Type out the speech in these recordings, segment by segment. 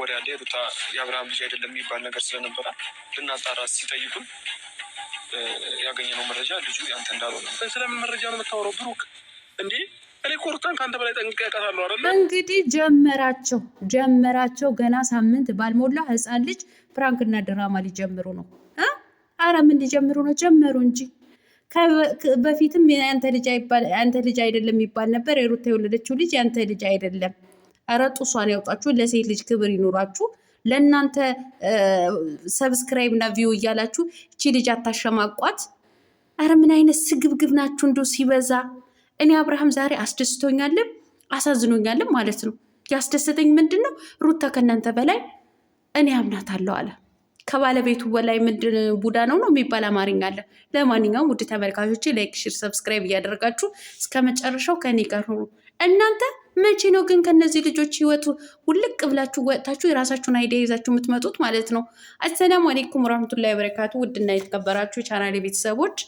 ወሬ አለ የሩታ የአብርሃም ልጅ አይደለም የሚባል ነገር ስለነበረ ልናጣራ ሲጠይቁን ያገኘነው መረጃ ልጁ ያንተ እንዳልሆነ። ስለምን መረጃ ነው የምታወራው ብሩክ? እንዴ እኔ ከአንተ በላይ አይደለ እንግዲህ ጀመራቸው ጀመራቸው። ገና ሳምንት ባልሞላ ህፃን ልጅ ፍራንክና ድራማ ሊጀምሩ ነው። አረ ምን ሊጀምሩ ነው? ጀመሩ እንጂ በፊትም ያንተ ልጅ አይደለም ይባል ነበር። የሩታ የወለደችው ልጅ ያንተ ልጅ አይደለም ኧረ ጡሷን ያውጣችሁ። ለሴት ልጅ ክብር ይኑራችሁ። ለእናንተ ሰብስክራይብ እና ቪው እያላችሁ እቺ ልጅ አታሸማቋት። አረ ምን አይነት ስግብግብ ናችሁ እንዶ ሲበዛ። እኔ አብርሃም ዛሬ አስደስቶኛልም አሳዝኖኛልም ማለት ነው። ያስደሰተኝ ምንድን ነው? ሩታ ከእናንተ በላይ እኔ አምናታለሁ አለ። ከባለቤቱ በላይ ምንድን ቡዳ ነው ነው የሚባል አማርኛ አለ። ለማንኛውም ውድ ተመልካቾች ላይክ፣ ሽር፣ ሰብስክራይብ እያደረጋችሁ እስከ መጨረሻው ከኔ ጋር ሆኑ። እናንተ መቼ ነው ግን ከነዚህ ልጆች ህይወቱ ውልቅ ብላችሁ ወጥታችሁ የራሳችሁን አይዲያ ይዛችሁ የምትመጡት ማለት ነው? አሰላሙ አሌይኩም ወራህመቱላሂ በረካቱ። ውድና የተከበራችሁ የቻናሌ ቤተሰቦች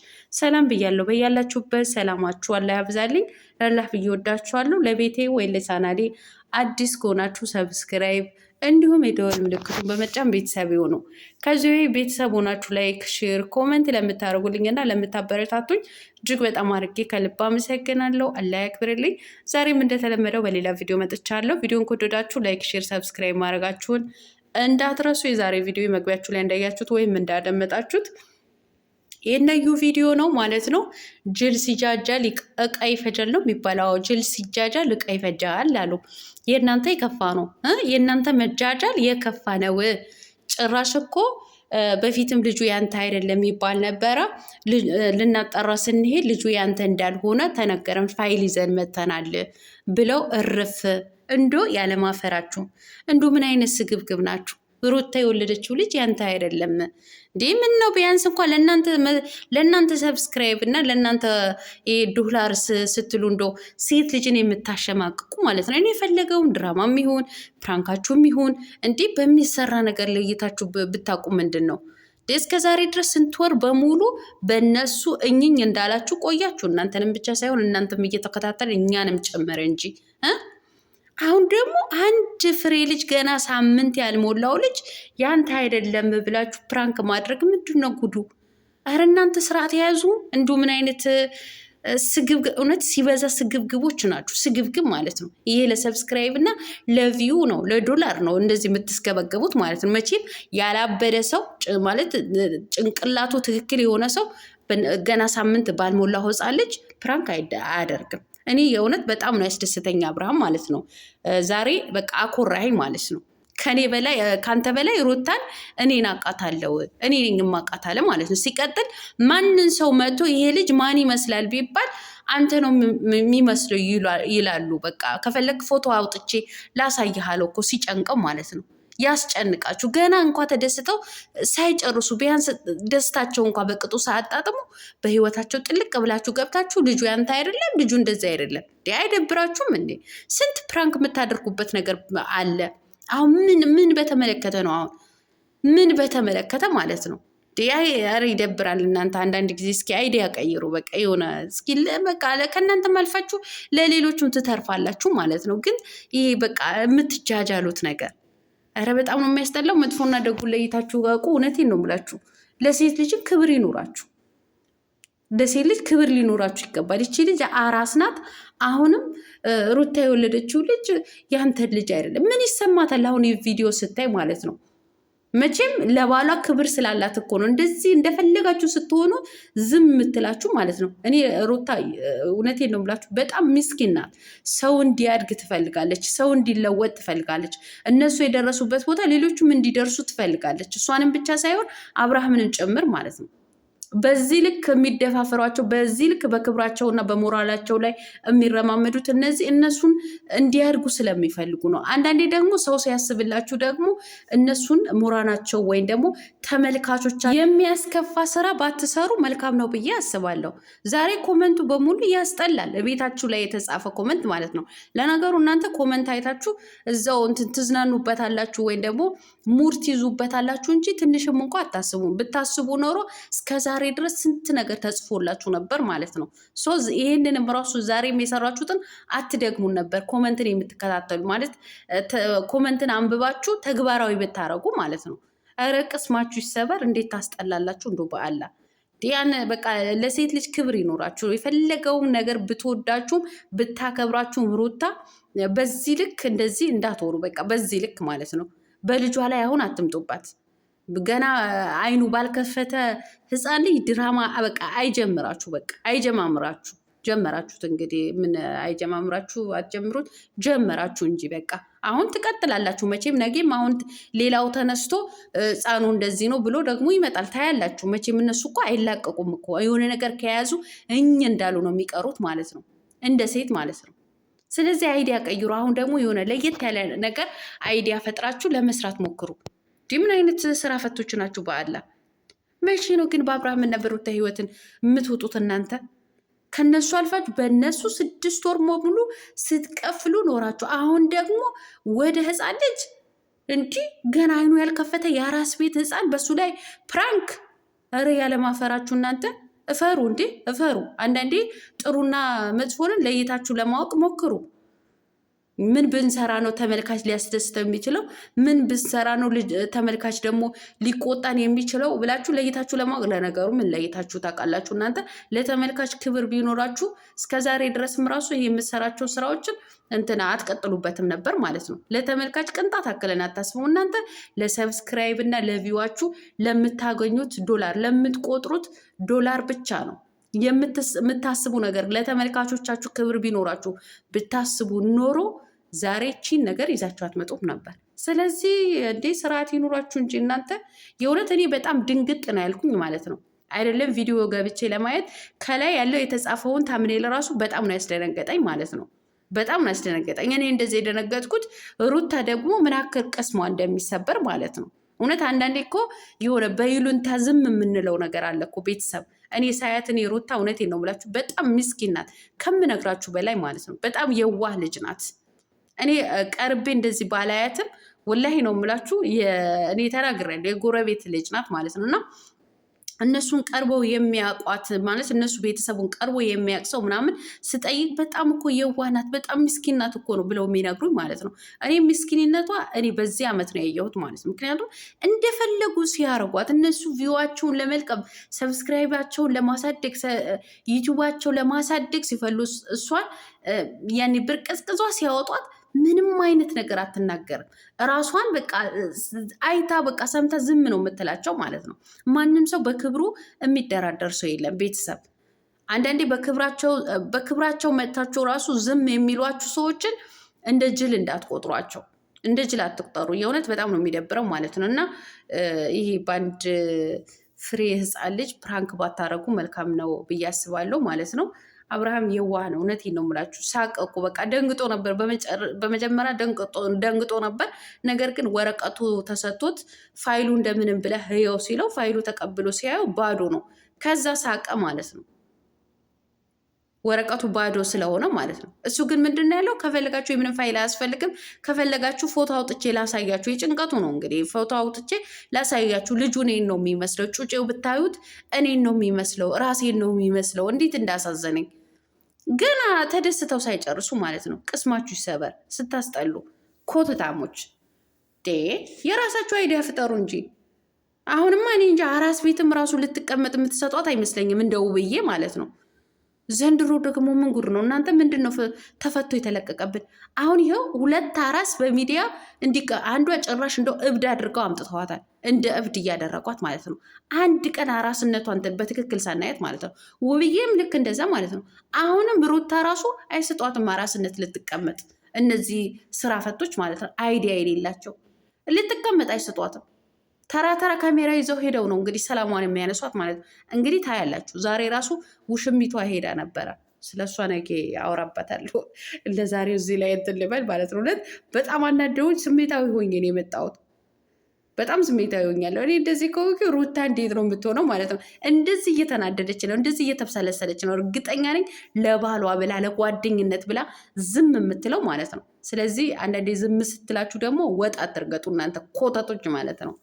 ሰላም ብያለሁ። በያላችሁበት ሰላማችሁ አላህ ያብዛልኝ። ለላህ ብዬ ወዳችኋለሁ። ለቤቴ ወይ ለቻናሌ አዲስ ከሆናችሁ ሰብስክራይብ እንዲሁም የደወል ምልክቱን በመጫን ቤተሰብ የሆኑ ከዚ ቤተሰብ ሆናችሁ ላይክ፣ ሼር፣ ኮመንት ለምታደርጉልኝና ለምታበረታቱኝ እጅግ በጣም አድርጌ ከልብ አመሰግናለሁ። አላህ ያክብርልኝ። ዛሬም እንደተለመደው በሌላ ቪዲዮ መጥቻለሁ። ቪዲዮን ከወደዳችሁ ላይክ፣ ሼር፣ ሰብስክራይብ ማድረጋችሁን እንዳትረሱ። የዛሬ ቪዲዮ መግቢያችሁ ላይ እንዳያችሁት ወይም እንዳደመጣችሁት የነዩ ቪዲዮ ነው ማለት ነው። ጅል ሲጃጃል እቃ ይፈጃል ነው የሚባለው። ጅል ሲጃጃል እቃ ይፈጃል አሉ። የእናንተ የከፋ ነው። የእናንተ መጃጃል የከፋ ነው። ጭራሽ እኮ በፊትም ልጁ ያንተ አይደለም የሚባል ነበረ። ልናጠራ ስንሄድ ልጁ ያንተ እንዳልሆነ ተነገረን፣ ፋይል ይዘን መተናል ብለው እርፍ እንዶ ያለማፈራችሁ እንዶ ምን አይነት ስግብግብ ናችሁ? ሩታ የወለደችው ልጅ ያንተ አይደለም እንዴ? ምን ነው ቢያንስ እንኳ ለእናንተ ሰብስክራይብ እና ለእናንተ ዶላር ስትሉ እንዶ ሴት ልጅን የምታሸማቅቁ ማለት ነው። እኔ የፈለገውን ድራማም ይሁን ፕራንካችሁም ይሁን እንዲህ በሚሰራ ነገር ለይታችሁ ብታውቁ ምንድን ነው እስከ ዛሬ ድረስ ስንት ወር በሙሉ በእነሱ እኝኝ እንዳላችሁ ቆያችሁ። እናንተንም ብቻ ሳይሆን እናንተም እየተከታተል እኛንም ጨመረ እንጂ አሁን ደግሞ አንድ ፍሬ ልጅ ገና ሳምንት ያልሞላው ልጅ ያንተ አይደለም ብላችሁ ፕራንክ ማድረግ ምንድን ነው ጉዱ? እረ እናንተ ስርዓት የያዙ እንዱ ምን አይነት ስግብ እውነት ሲበዛ ስግብግቦች ናችሁ። ስግብግብ ማለት ነው ይሄ ለሰብስክራይብ እና ለቪው ነው ለዶላር ነው እንደዚህ የምትስገበገቡት ማለት ነው። መቼም ያላበደ ሰው ማለት ጭንቅላቱ ትክክል የሆነ ሰው ገና ሳምንት ባልሞላው ህፃን ልጅ ፕራንክ አያደርግም። እኔ የእውነት በጣም ነው ያስደስተኝ አብርሃም ማለት ነው። ዛሬ በቃ አኮራኸኝ ማለት ነው። ከኔ በላይ ከአንተ በላይ ሩታን እኔን አውቃታለሁ እኔ ነኝ የማውቃታለሁ ማለት ነው። ሲቀጥል ማንን ሰው መቶ ይሄ ልጅ ማን ይመስላል ቢባል አንተ ነው የሚመስለው ይላሉ። በቃ ከፈለግ ፎቶ አውጥቼ ላሳይሃለሁ እኮ ሲጨንቀው ማለት ነው። ያስጨንቃችሁ። ገና እንኳ ተደስተው ሳይጨርሱ ቢያንስ ደስታቸው እንኳ በቅጡ ሳያጣጥሙ በህይወታቸው ጥልቅ ብላችሁ ገብታችሁ ልጁ ያንተ አይደለም ልጁ እንደዚህ አይደለም እንዲ አይደብራችሁም እንዴ? ስንት ፕራንክ የምታደርጉበት ነገር አለ። አሁን ምን ምን በተመለከተ ነው? አሁን ምን በተመለከተ ማለት ነው? ኧረ ይደብራል። እናንተ አንዳንድ ጊዜ እስኪ አይዲያ ቀይሩ። በቃ የሆነ እስኪ በቃ ከእናንተ አልፋችሁ ለሌሎችም ትተርፋላችሁ ማለት ነው። ግን ይሄ በቃ የምትጃጃሉት ነገር ኧረ በጣም ነው የሚያስጠላው። መጥፎና ደጉ ለይታችሁ ጋቁ። እውነቴን ነው የምላችሁ። ለሴት ልጅም ክብር ይኖራችሁ፣ ለሴት ልጅ ክብር ሊኖራችሁ ይገባል። ይቺ ልጅ አራስ ናት። አሁንም ሩታ የወለደችው ልጅ ያንተን ልጅ አይደለም። ምን ይሰማታል አሁን ቪዲዮ ስታይ ማለት ነው መቼም ለባሏ ክብር ስላላት እኮ ነው እንደዚህ እንደፈለጋችሁ ስትሆኑ ዝም የምትላችሁ ማለት ነው። እኔ ሩታ እውነቴን ነው የምላችሁ፣ በጣም ምስኪን ናት። ሰው እንዲያድግ ትፈልጋለች፣ ሰው እንዲለወጥ ትፈልጋለች። እነሱ የደረሱበት ቦታ ሌሎቹም እንዲደርሱ ትፈልጋለች። እሷንም ብቻ ሳይሆን አብርሃምንም ጭምር ማለት ነው። በዚህ ልክ የሚደፋፈሯቸው በዚህ ልክ በክብራቸውና በሞራላቸው ላይ የሚረማመዱት እነዚህ እነሱን እንዲያድጉ ስለሚፈልጉ ነው። አንዳንዴ ደግሞ ሰው ሲያስብላችሁ ደግሞ እነሱን ሞራናቸው ወይም ደግሞ ተመልካቾች የሚያስከፋ ስራ ባትሰሩ መልካም ነው ብዬ አስባለሁ። ዛሬ ኮመንቱ በሙሉ ያስጠላል። ቤታችሁ ላይ የተጻፈ ኮመንት ማለት ነው። ለነገሩ እናንተ ኮመንት አይታችሁ እዛው እንትን ትዝናኑበታላችሁ ወይም ደግሞ ሙር ትይዙበታላችሁ እንጂ ትንሽም እንኳ አታስቡም። ብታስቡ ኖሮ እስከ ዛሬ ድረስ ስንት ነገር ተጽፎላችሁ ነበር ማለት ነው። ሶ ይህንንም ራሱ ዛሬም የሰራችሁትን አትደግሙን ነበር። ኮመንትን የምትከታተሉ ማለት ኮመንትን አንብባችሁ ተግባራዊ ብታረጉ ማለት ነው። ኧረ ቅስማችሁ ይሰበር። እንዴት ታስጠላላችሁ እንዶ በአላ ያን በቃ ለሴት ልጅ ክብር ይኖራችሁ። የፈለገውም ነገር ብትወዳችሁም ብታከብራችሁም ሩታ በዚህ ልክ እንደዚህ እንዳትወሩ፣ በቃ በዚህ ልክ ማለት ነው። በልጇ ላይ አሁን አትምጡባት። ገና አይኑ ባልከፈተ ህፃን ልጅ ድራማ በቃ አይጀምራችሁ፣ በቃ አይጀማምራችሁ። ጀመራችሁት እንግዲህ ምን አይጀማምራችሁ፣ አትጀምሩት፣ ጀመራችሁ እንጂ በቃ አሁን ትቀጥላላችሁ። መቼም ነገም አሁን ሌላው ተነስቶ ህፃኑ እንደዚህ ነው ብሎ ደግሞ ይመጣል። ታያላችሁ። መቼም እነሱ እኮ አይላቀቁም እኮ የሆነ ነገር ከያዙ እኝ እንዳሉ ነው የሚቀሩት ማለት ነው፣ እንደ ሴት ማለት ነው። ስለዚህ አይዲያ ቀይሩ። አሁን ደግሞ የሆነ ለየት ያለ ነገር አይዲያ ፈጥራችሁ ለመስራት ሞክሩ። ምን አይነት ስራ ፈቶች ናችሁ? በአላ መቼ ነው ግን በአብርሃም በሩታ ህይወትን የምትውጡት እናንተ? ከነሱ አልፋችሁ በእነሱ ስድስት ወር ሙሉ ስትቀፍሉ ኖራችሁ፣ አሁን ደግሞ ወደ ህፃን ልጅ እንዲህ ገና አይኑ ያልከፈተ የአራስ ቤት ህፃን በሱ ላይ ፕራንክ። እረ ያለማፈራችሁ እናንተ። እፈሩ እንዴ እፈሩ። አንዳንዴ ጥሩና መጥፎንን ለይታችሁ ለማወቅ ሞክሩ። ምን ብንሰራ ነው ተመልካች ሊያስደስተው የሚችለው? ምን ብንሰራ ነው ተመልካች ደግሞ ሊቆጣን የሚችለው ብላችሁ ለይታችሁ ለማወቅ ለነገሩ ምን ለይታችሁ ታውቃላችሁ? እናንተ ለተመልካች ክብር ቢኖራችሁ እስከዛሬ ድረስም ራሱ ይህ የምትሰራቸው ስራዎችን እንትና አትቀጥሉበትም ነበር ማለት ነው። ለተመልካች ቅንጣት አክለን አታስበው። እናንተ ለሰብስክራይብ እና ለቪዋችሁ ለምታገኙት ዶላር ለምትቆጥሩት ዶላር ብቻ ነው የምታስቡ ነገር። ለተመልካቾቻችሁ ክብር ቢኖራችሁ ብታስቡ ኖሮ ዛሬ ቺን ነገር ይዛችሁ አትመጡም ነበር። ስለዚህ እንዴ ስርዓት ይኑራችሁ እንጂ እናንተ የእውነት እኔ በጣም ድንግጥ ነው ያልኩኝ ማለት ነው። አይደለም ቪዲዮ ገብቼ ለማየት ከላይ ያለው የተጻፈውን ታምኔል ራሱ በጣም ነው ያስደነገጠኝ ማለት ነው። በጣም ነው ያስደነገጠኝ። እኔ እንደዚህ የደነገጥኩት ሩታ ደግሞ ምን ቅስሟ እንደሚሰበር ማለት ነው። እውነት አንዳንዴ እኮ የሆነ በይሉንታ ዝም የምንለው ነገር አለ እኮ ቤተሰብ። እኔ ሳያት እኔ ሩታ እውነቴን ነው ብላችሁ በጣም ምስኪን ናት ከምነግራችሁ በላይ ማለት ነው። በጣም የዋህ ልጅ ናት። እኔ ቀርቤ እንደዚህ ባላያትም ወላሂ ነው የምላችሁ። እኔ ተናግሬያለሁ። የጎረቤት ልጅ ናት ማለት ነው እና እነሱን ቀርበው የሚያውቋት ማለት እነሱ ቤተሰቡን ቀርቦ የሚያውቅ ሰው ምናምን ስጠይቅ በጣም እኮ የዋናት በጣም ምስኪንናት እኮ ነው ብለው የሚነግሩኝ ማለት ነው። እኔ ምስኪንነቷ እኔ በዚህ ዓመት ነው ያየሁት ማለት ነው። ምክንያቱም እንደፈለጉ ሲያደርጓት እነሱ ቪዋቸውን ለመልቀም ሰብስክራይባቸውን ለማሳደግ ዩቲዩባቸው ለማሳደግ ሲፈሉ እሷን ያኔ ብርቅዝቅዟ ሲያወጧት ምንም አይነት ነገር አትናገርም። ራሷን በቃ አይታ በቃ ሰምታ ዝም ነው የምትላቸው ማለት ነው። ማንም ሰው በክብሩ የሚደራደር ሰው የለም ቤተሰብ አንዳንዴ በክብራቸው መታችሁ ራሱ ዝም የሚሏችሁ ሰዎችን እንደ ጅል እንዳትቆጥሯቸው፣ እንደ ጅል አትቁጠሩ። የእውነት በጣም ነው የሚደብረው ማለት ነው። እና ይህ በአንድ ፍሬ ህፃን ልጅ ፕራንክ ባታረጉ መልካም ነው ብዬ አስባለሁ ማለት ነው። አብርሃም የዋህ ነው። እውነቴን ነው የምላችሁ። ሳቀ እኮ በቃ ደንግጦ ነበር። በመጀመሪያ ደንግጦ ነበር። ነገር ግን ወረቀቱ ተሰጥቶት ፋይሉ እንደምንም ብለህ ህየው ሲለው ፋይሉ ተቀብሎ ሲያየው ባዶ ነው። ከዛ ሳቀ ማለት ነው። ወረቀቱ ባዶ ስለሆነ ማለት ነው። እሱ ግን ምንድን ያለው ከፈለጋችሁ የምንም ፋይል አያስፈልግም፣ ከፈለጋችሁ ፎቶ አውጥቼ ላሳያችሁ። የጭንቀቱ ነው እንግዲህ ፎቶ አውጥቼ ላሳያችሁ። ልጁ እኔን ነው የሚመስለው፣ ጩጬው ብታዩት እኔን ነው የሚመስለው፣ ራሴን ነው የሚመስለው። እንዴት እንዳሳዘነኝ ገና ተደስተው ሳይጨርሱ ማለት ነው። ቅስማችሁ ይሰበር። ስታስጠሉ ኮትታሞች፣ የራሳችሁ አይዲያ ፍጠሩ እንጂ አሁንማ እኔ እንጂ አራስ ቤትም ራሱ ልትቀመጥ የምትሰጧት አይመስለኝም እንደ ውብዬ ማለት ነው። ዘንድሮ ደግሞ ምን ጉድ ነው እናንተ? ምንድን ነው ተፈቶ የተለቀቀብን? አሁን ይኸው ሁለት አራስ በሚዲያ እንዲ አንዷ ጭራሽ እንደው እብድ አድርገው አምጥተዋታል። እንደ እብድ እያደረጓት ማለት ነው። አንድ ቀን አራስነቷን በትክክል ሳናየት ማለት ነው። ውብዬም ልክ እንደዛ ማለት ነው። አሁንም ሩታ ራሱ አይስጧትም አራስነት ልትቀመጥ። እነዚህ ስራ ፈቶች ማለት ነው አይዲያ የሌላቸው ልትቀመጥ አይስጧትም። ተራ ተራ ካሜራ ይዘው ሄደው ነው እንግዲህ ሰላሟን የሚያነሷት ማለት ነው። እንግዲህ ታያላችሁ። ዛሬ ራሱ ውሽሚቷ ሄዳ ነበረ። ስለ እሷ ነገ አውራበታለሁ። እንደ እዚህ ላይ እንትን ልበል ማለት ነው። እውነት በጣም አናደውኝ። ስሜታዊ ሆኜ ነው የመጣሁት። በጣም ስሜታዊ ሆኛለሁ። እኔ እንደዚህ ከሆንኩ ሩታ እንዴት ነው የምትሆነው ማለት ነው። እንደዚህ እየተናደደች ነው፣ እንደዚህ እየተብሰለሰለች ነው። እርግጠኛ ነኝ ለባሏ ብላ ለጓደኝነት ብላ ዝም የምትለው ማለት ነው። ስለዚህ አንዳንዴ ዝም ስትላችሁ ደግሞ ወጥ አትርገጡ እናንተ ኮተቶች ማለት ነው።